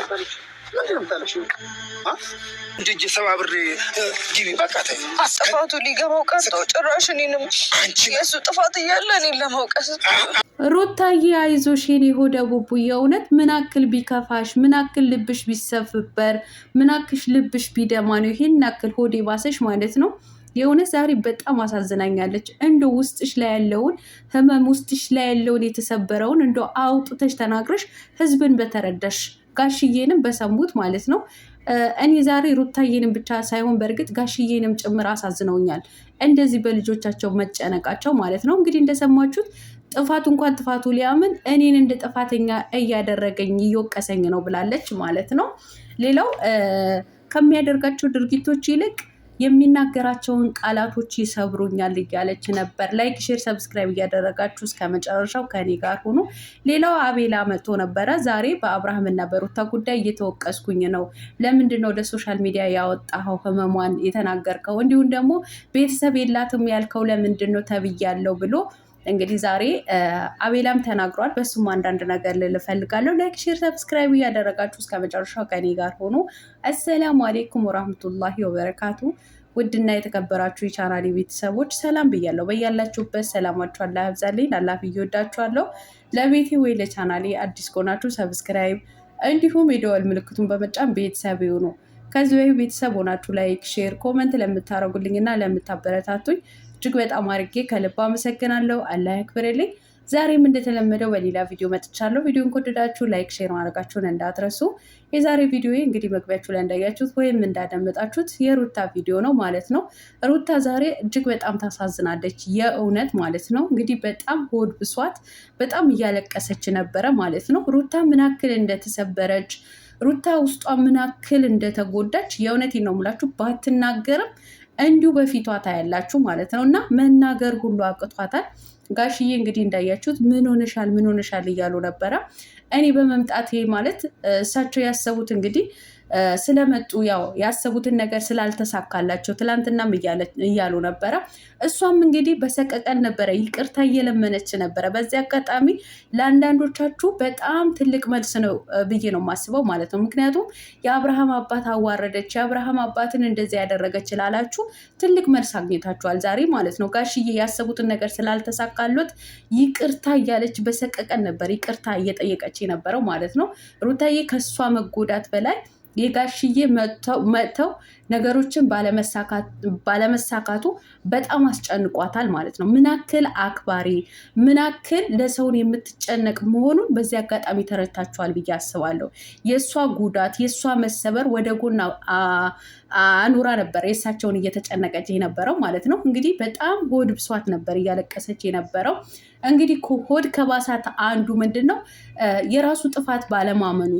ነበረች። ምንድነው ታለች ሰባብሬ ጊቢ በቃተ ጥፋቱ ሊገባው ቀርቶ ጭራሽ እኔንም የእሱ ጥፋት እያለ እኔን ለማውቀስ ሩታዬ አይዞሽን የኔ ቡቡ የእውነት ምን አክል ቢከፋሽ ምን አክል ልብሽ ቢሰፍበር ምን አክሽ ልብሽ ቢደማ ነው ይሄን አክል ሆዴ ባሰሽ ማለት ነው። የእውነት ዛሬ በጣም አሳዝናኛለች። እንደ ውስጥሽ ላይ ያለውን ህመም ውስጥሽ ላይ ያለውን የተሰበረውን እንደ አውጥተሽ ተናግረሽ ህዝብን በተረዳሽ ጋሽዬንም በሰሙት ማለት ነው። እኔ ዛሬ ሩታዬንም ብቻ ሳይሆን በእርግጥ ጋሽዬንም ጭምር አሳዝነውኛል፣ እንደዚህ በልጆቻቸው መጨነቃቸው ማለት ነው። እንግዲህ እንደሰማችሁት ጥፋቱ እንኳን ጥፋቱ ሊያምን እኔን እንደ ጥፋተኛ እያደረገኝ እየወቀሰኝ ነው ብላለች ማለት ነው። ሌላው ከሚያደርጋቸው ድርጊቶች ይልቅ የሚናገራቸውን ቃላቶች ይሰብሩኛል እያለች ነበር። ላይክ፣ ሼር፣ ሰብስክራይብ እያደረጋችሁ እስከ መጨረሻው ከኔ ጋር ሆኖ ሌላው አቤላ መጥቶ ነበረ። ዛሬ በአብርሃምና በሩታ ጉዳይ እየተወቀስኩኝ ነው። ለምንድን ነው ወደ ሶሻል ሚዲያ ያወጣኸው ህመሟን የተናገርከው? እንዲሁም ደግሞ ቤተሰብ የላትም ያልከው ለምንድን ነው ተብያለው ብሎ እንግዲህ ዛሬ አቤላም ተናግሯል። በሱም አንዳንድ ነገር ልል እፈልጋለሁ። ላይክ ሼር ሰብስክራይብ እያደረጋችሁ እስከ መጨረሻው ከኔ ጋር ሆኖ። አሰላሙ አሌይኩም ወራህመቱላሂ ወበረካቱ ውድና የተከበራችሁ የቻናሊ ቤተሰቦች ሰላም ብያለሁ። በያላችሁበት ሰላማችሁ አላህ ያብዛልኝ። ላላፍ እየወዳችኋለሁ። ለቤቴ ወይ ለቻናሌ አዲስ ከሆናችሁ ሰብስክራይብ እንዲሁም የደወል ምልክቱን በመጫን ቤተሰብ ይሁኑ። ከዚህ በፊት ቤተሰብ ሆናችሁ ላይክ፣ ሼር፣ ኮመንት ለምታደርጉልኝ እና ለምታበረታቱኝ እጅግ በጣም አድርጌ ከልብ አመሰግናለሁ። አላህ ያክብርልኝ። ዛሬም እንደተለመደው በሌላ ቪዲዮ መጥቻለሁ። ቪዲዮን ከወደዳችሁ ላይክ፣ ሼር ማድረጋችሁን እንዳትረሱ። የዛሬ ቪዲዮ እንግዲህ መግቢያችሁ ላይ እንዳያችሁት ወይም እንዳደመጣችሁት የሩታ ቪዲዮ ነው ማለት ነው። ሩታ ዛሬ እጅግ በጣም ታሳዝናለች፣ የእውነት ማለት ነው። እንግዲህ በጣም ሆድ ብሷት፣ በጣም እያለቀሰች ነበረ ማለት ነው። ሩታ ምን ያክል እንደተሰበረች ሩታ ውስጧ ምን ያክል እንደተጎዳች የእውነት ነው የምላችሁ ባትናገርም እንዲሁ በፊቷ ታያላችሁ ማለት ነው። እና መናገር ሁሉ አቅቷታል። ጋሽዬ እንግዲህ እንዳያችሁት ምን ሆነሻል፣ ምን ሆነሻል እያሉ ነበረ። እኔ በመምጣቴ ማለት እሳቸው ያሰቡት እንግዲህ ስለመጡ ያው ያሰቡትን ነገር ስላልተሳካላቸው ትላንትናም እያሉ ነበረ። እሷም እንግዲህ በሰቀቀን ነበረ ይቅርታ እየለመነች ነበረ። በዚህ አጋጣሚ ለአንዳንዶቻችሁ በጣም ትልቅ መልስ ነው ብዬ ነው የማስበው ማለት ነው። ምክንያቱም የአብርሃም አባት አዋረደች፣ የአብርሃም አባትን እንደዚህ ያደረገች ላላችሁ ትልቅ መልስ አግኝታችኋል ዛሬ ማለት ነው። ጋሽዬ ያሰቡትን ነገር ስላልተሳካሎት ይቅርታ እያለች በሰቀቀን ነበር ይቅርታ እየጠየቀች የነበረው ማለት ነው። ሩታዬ ከእሷ መጎዳት በላይ የጋሽዬ መጥተው ነገሮችን ባለመሳካቱ በጣም አስጨንቋታል ማለት ነው። ምናክል አክባሪ ምናክል ለሰውን የምትጨነቅ መሆኑን በዚህ አጋጣሚ ተረድታችኋል ብዬ አስባለሁ። የእሷ ጉዳት የእሷ መሰበር ወደ ጎና አኑራ ነበር የእሳቸውን እየተጨነቀች የነበረው ማለት ነው። እንግዲህ በጣም ሆድ ብሷት ነበር እያለቀሰች የነበረው። እንግዲህ ሆድ ከባሳት አንዱ ምንድን ነው የራሱ ጥፋት ባለማመኑ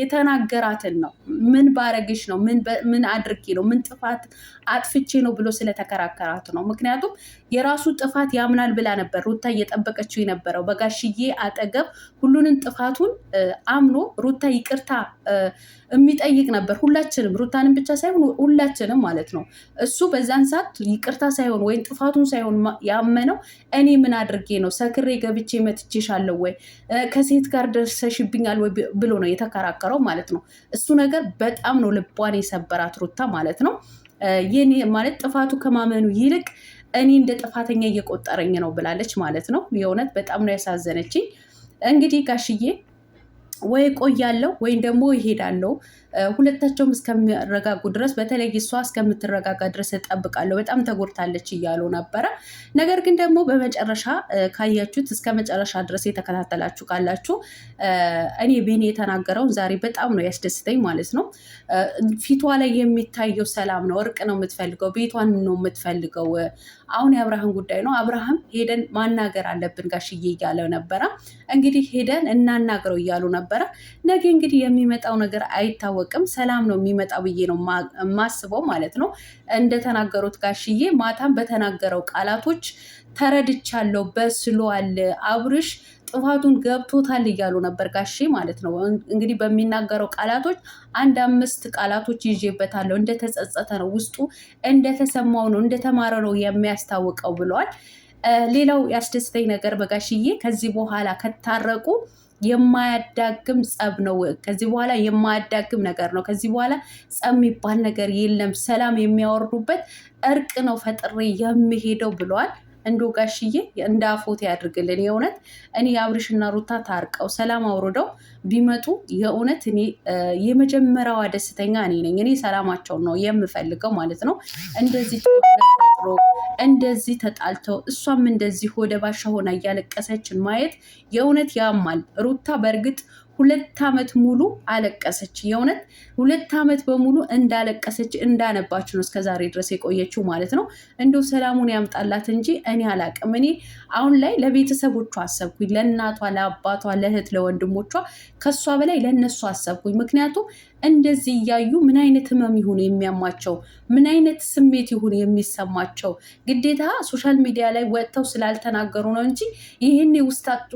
የተናገራትን ነው ምን ባረግሽ ነው ምን አድርግ አድርጌ ነው ምን ጥፋት አጥፍቼ ነው ብሎ ስለተከራከራት ነው። ምክንያቱም የራሱ ጥፋት ያምናል ብላ ነበር ሩታ እየጠበቀችው የነበረው። በጋሽዬ አጠገብ ሁሉንም ጥፋቱን አምኖ ሩታ ይቅርታ የሚጠይቅ ነበር። ሁላችንም ሩታንም ብቻ ሳይሆን ሁላችንም ማለት ነው። እሱ በዛን ሰዓት ይቅርታ ሳይሆን ወይም ጥፋቱን ሳይሆን ያመነው እኔ ምን አድርጌ ነው ሰክሬ ገብቼ መትቼሻለሁ ወይ ከሴት ጋር ደርሰሽብኛል ወይ ብሎ ነው የተከራከረው ማለት ነው። እሱ ነገር በጣም ነው ልቧን የሰበራት ሩታ ማለት ነው የኔ ማለት ጥፋቱ ከማመኑ ይልቅ እኔ እንደ ጥፋተኛ እየቆጠረኝ ነው ብላለች ማለት ነው። የእውነት በጣም ነው ያሳዘነችኝ። እንግዲህ ጋሽዬ ወይ ቆያለው ወይም ደግሞ ይሄዳለው። ሁለታቸውም እስከሚረጋጉ ድረስ በተለይ እሷ እስከምትረጋጋ ድረስ እጠብቃለሁ፣ በጣም ተጎድታለች እያሉ ነበረ። ነገር ግን ደግሞ በመጨረሻ ካያችሁት እስከ መጨረሻ ድረስ የተከታተላችሁ ካላችሁ እኔ ቤኔ የተናገረውን ዛሬ በጣም ነው ያስደስተኝ ማለት ነው። ፊቷ ላይ የሚታየው ሰላም ነው፣ እርቅ ነው የምትፈልገው፣ ቤቷን ነው የምትፈልገው። አሁን የአብርሃም ጉዳይ ነው። አብርሃም ሄደን ማናገር አለብን ጋሽዬ እያለ ነበረ። እንግዲህ ሄደን እናናግረው እያሉ ነበር ነበረ። ነገ እንግዲህ የሚመጣው ነገር አይታወቅም። ሰላም ነው የሚመጣው ብዬ ነው ማስበው ማለት ነው። እንደተናገሩት ጋሽዬ ማታም በተናገረው ቃላቶች ተረድቻለሁ፣ በስሏል፣ አብርሽ ጥፋቱን ገብቶታል እያሉ ነበር ጋሼ ማለት ነው። እንግዲህ በሚናገረው ቃላቶች አንድ አምስት ቃላቶች ይዤበታለሁ፣ እንደተጸጸተ ነው ውስጡ እንደተሰማው ነው እንደተማረ ነው የሚያስታውቀው ብለዋል። ሌላው ያስደስተኝ ነገር በጋሽዬ ከዚህ በኋላ ከታረቁ የማያዳግም ጸብ ነው። ከዚህ በኋላ የማያዳግም ነገር ነው። ከዚህ በኋላ ጸብ የሚባል ነገር የለም። ሰላም የሚያወርዱበት እርቅ ነው ፈጥሬ የሚሄደው ብለዋል። እንዶ ጋሽዬ እንደ አፎት ያድርግልን። የእውነት እኔ አብርሽና ሩታ ታርቀው ሰላም አውርደው ቢመጡ የእውነት እኔ የመጀመሪያዋ ደስተኛ እኔ ነኝ። እኔ ሰላማቸውን ነው የምፈልገው ማለት ነው እንደዚህ እንደዚህ ተጣልተው እሷም እንደዚህ ሆደ ባሻ ሆና እያለቀሰችን ማየት የእውነት ያማል። ሩታ በእርግጥ ሁለት ዓመት ሙሉ አለቀሰች። የእውነት ሁለት ዓመት በሙሉ እንዳለቀሰች እንዳነባች ነው እስከዛሬ ድረስ የቆየችው ማለት ነው። እንዲሁ ሰላሙን ያምጣላት እንጂ እኔ አላቅም። እኔ አሁን ላይ ለቤተሰቦቿ አሰብኩኝ፣ ለእናቷ፣ ለአባቷ፣ ለእህት፣ ለወንድሞቿ ከእሷ በላይ ለእነሱ አሰብኩኝ። ምክንያቱም እንደዚህ እያዩ ምን አይነት ህመም ይሁን የሚያማቸው፣ ምን አይነት ስሜት ይሁን የሚሰማቸው። ግዴታ ሶሻል ሚዲያ ላይ ወጥተው ስላልተናገሩ ነው እንጂ ይህን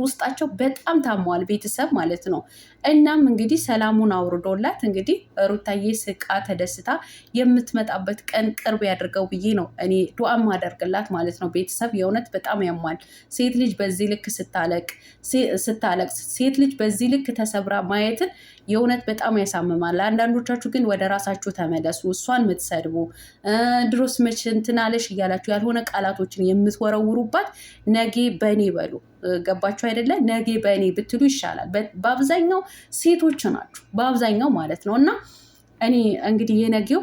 ውስጣቸው በጣም ታመዋል፣ ቤተሰብ ማለት ነው። እናም እንግዲህ ሰላሙን አውርዶላት እንግዲህ ሩታዬ ስቃ ተደስታ የምትመጣበት ቀን ቅርብ ያደርገው ብዬ ነው እኔ ዱዓ ማደርግላት ማለት ነው። ቤተሰብ የእውነት በጣም ያሟል። ሴት ልጅ በዚህ ልክ ስታለቅ ሴት ልጅ በዚህ ልክ ተሰብራ ማየትን የእውነት በጣም ያሳምማል። አንዳንዶቻችሁ ግን ወደ ራሳችሁ ተመለሱ። እሷን የምትሰድቡ ድሮስ መች እንትን እያላችሁ ያልሆነ ቃላቶችን የምትወረውሩባት ነጌ በእኔ በሉ ገባችሁ አይደለ? ነገ በእኔ ብትሉ ይሻላል። በአብዛኛው ሴቶች ናችሁ፣ በአብዛኛው ማለት ነው እና እኔ እንግዲህ የነገው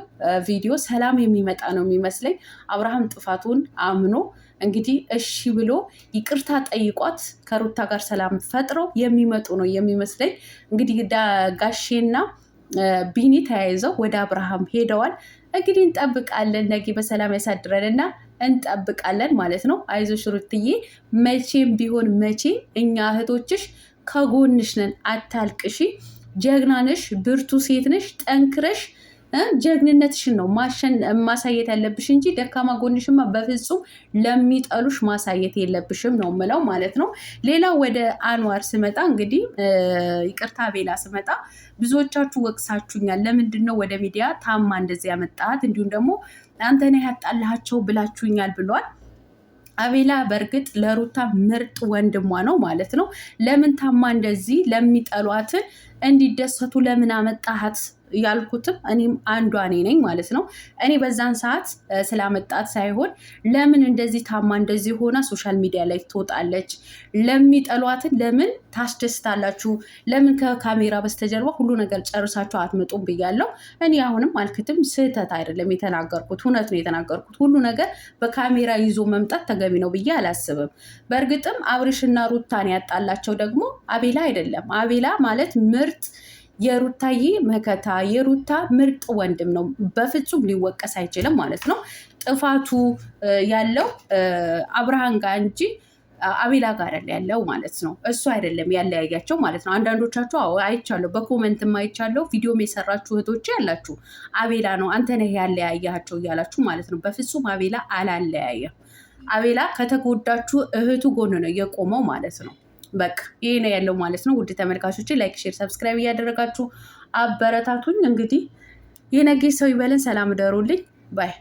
ቪዲዮ ሰላም የሚመጣ ነው የሚመስለኝ። አብርሃም ጥፋቱን አምኖ እንግዲህ እሺ ብሎ ይቅርታ ጠይቋት ከሩታ ጋር ሰላም ፈጥረው የሚመጡ ነው የሚመስለኝ። እንግዲህ ጋሼና ቢኒ ተያይዘው ወደ አብርሃም ሄደዋል። እንግዲህ እንጠብቃለን። ነገ በሰላም ያሳድረን እና እንጠብቃለን ማለት ነው። አይዞሽ ሩትዬ፣ መቼም ቢሆን መቼ እኛ እህቶችሽ ከጎንሽ ነን። አታልቅሺ፣ ጀግናነሽ፣ ብርቱ ሴት ነሽ፣ ጠንክረሽ ጀግንነትሽን ነው ማሳየት ያለብሽ እንጂ ደካማ ጎንሽማ በፍጹም ለሚጠሉሽ ማሳየት የለብሽም ነው ምለው ማለት ነው። ሌላው ወደ አንዋር ስመጣ እንግዲህ ይቅርታ ቤላ ስመጣ ብዙዎቻችሁ ወቅሳችሁኛል። ለምንድን ነው ወደ ሚዲያ ታማ እንደዚህ ያመጣት እንዲሁም ደግሞ አንተን ያጣላቸው ብላችሁኛል ብሏል። አቤላ በእርግጥ ለሩታ ምርጥ ወንድሟ ነው ማለት ነው። ለምን ታማ እንደዚህ ለሚጠሏትን እንዲደሰቱ ለምን አመጣሃት ያልኩትም እኔም አንዷ እኔ ነኝ ማለት ነው። እኔ በዛን ሰዓት ስላመጣት ሳይሆን ለምን እንደዚህ ታማ እንደዚህ ሆና ሶሻል ሚዲያ ላይ ትወጣለች? ለሚጠሏትን ለምን ታስደስታላችሁ? ለምን ከካሜራ በስተጀርባ ሁሉ ነገር ጨርሳችሁ አትመጡም? ብያለሁ። እኔ አሁንም አልክትም። ስህተት አይደለም የተናገርኩት፣ እውነት ነው የተናገርኩት። ሁሉ ነገር በካሜራ ይዞ መምጣት ተገቢ ነው ብዬ አላስብም። በእርግጥም አብርሽና ሩታን ያጣላቸው ደግሞ አቤላ አይደለም። አቤላ ማለት ምር ምርጥ የሩታዬ መከታ የሩታ ምርጥ ወንድም ነው። በፍጹም ሊወቀስ አይችልም ማለት ነው። ጥፋቱ ያለው አብርሃን ጋር እንጂ አቤላ ጋር ያለው ማለት ነው። እሱ አይደለም ያለያያቸው ማለት ነው። አንዳንዶቻችሁ አይቻለሁ፣ በኮመንትም አይቻለሁ። ቪዲዮም የሰራችሁ እህቶች ያላችሁ አቤላ ነው አንተ ነህ ያለያያቸው እያላችሁ ማለት ነው። በፍጹም አቤላ አላለያየም። አቤላ ከተጎዳችሁ እህቱ ጎን ነው የቆመው ማለት ነው። በቃ ይሄ ነው ያለው ማለት ነው። ውድ ተመልካቾች ላይክ፣ ሼር፣ ሰብስክራይብ እያደረጋችሁ አበረታቱኝ። እንግዲህ የነገ ሰው ይበለን። ሰላም ደሩልኝ ባይ